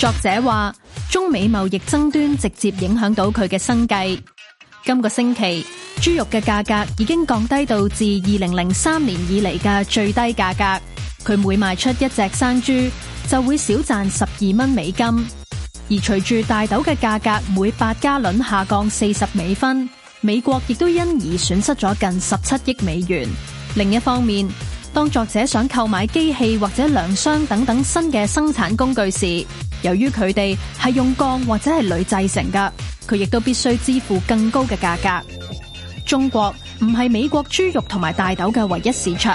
作者話：中美貿易爭端直接影響到佢嘅生計。今個星期，豬肉嘅價格已經降低到自二零零三年以嚟嘅最低價格。佢每賣出一隻生豬，就會少賺十二蚊美金。而隨住大豆嘅價格每百加崙下降四十美分，美國亦都因而損失咗近十七億美元。另一方面。當作者想購買機器或者糧箱等等新嘅生產工具時，由於佢哋係用鋼或者係鋁製成嘅，佢亦都必須支付更高嘅價格。中國唔係美國豬肉同埋大豆嘅唯一市場。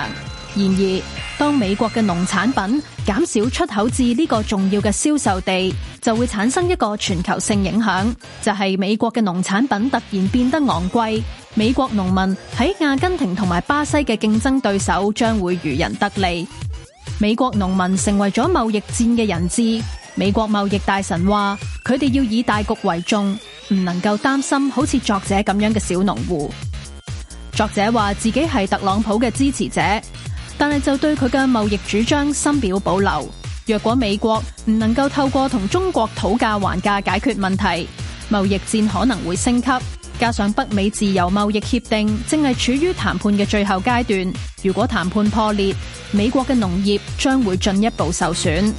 然而，當美國嘅農產品減少出口至呢個重要嘅銷售地，就會產生一個全球性影響，就係美國嘅農產品突然變得昂貴。美國農民喺阿根廷同埋巴西嘅競爭對手將會漁人得利。美國農民成為咗貿易戰嘅人質。美國貿易大臣話：佢哋要以大局為重，唔能夠擔心好似作者咁樣嘅小農戶。作者話自己係特朗普嘅支持者。但係就對佢嘅貿易主張深表保留。若果美國唔能夠透過同中國討價還價解決問題，貿易戰可能會升級。加上北美自由貿易協定正係處於談判嘅最後階段，如果談判破裂，美國嘅農業將會進一步受損。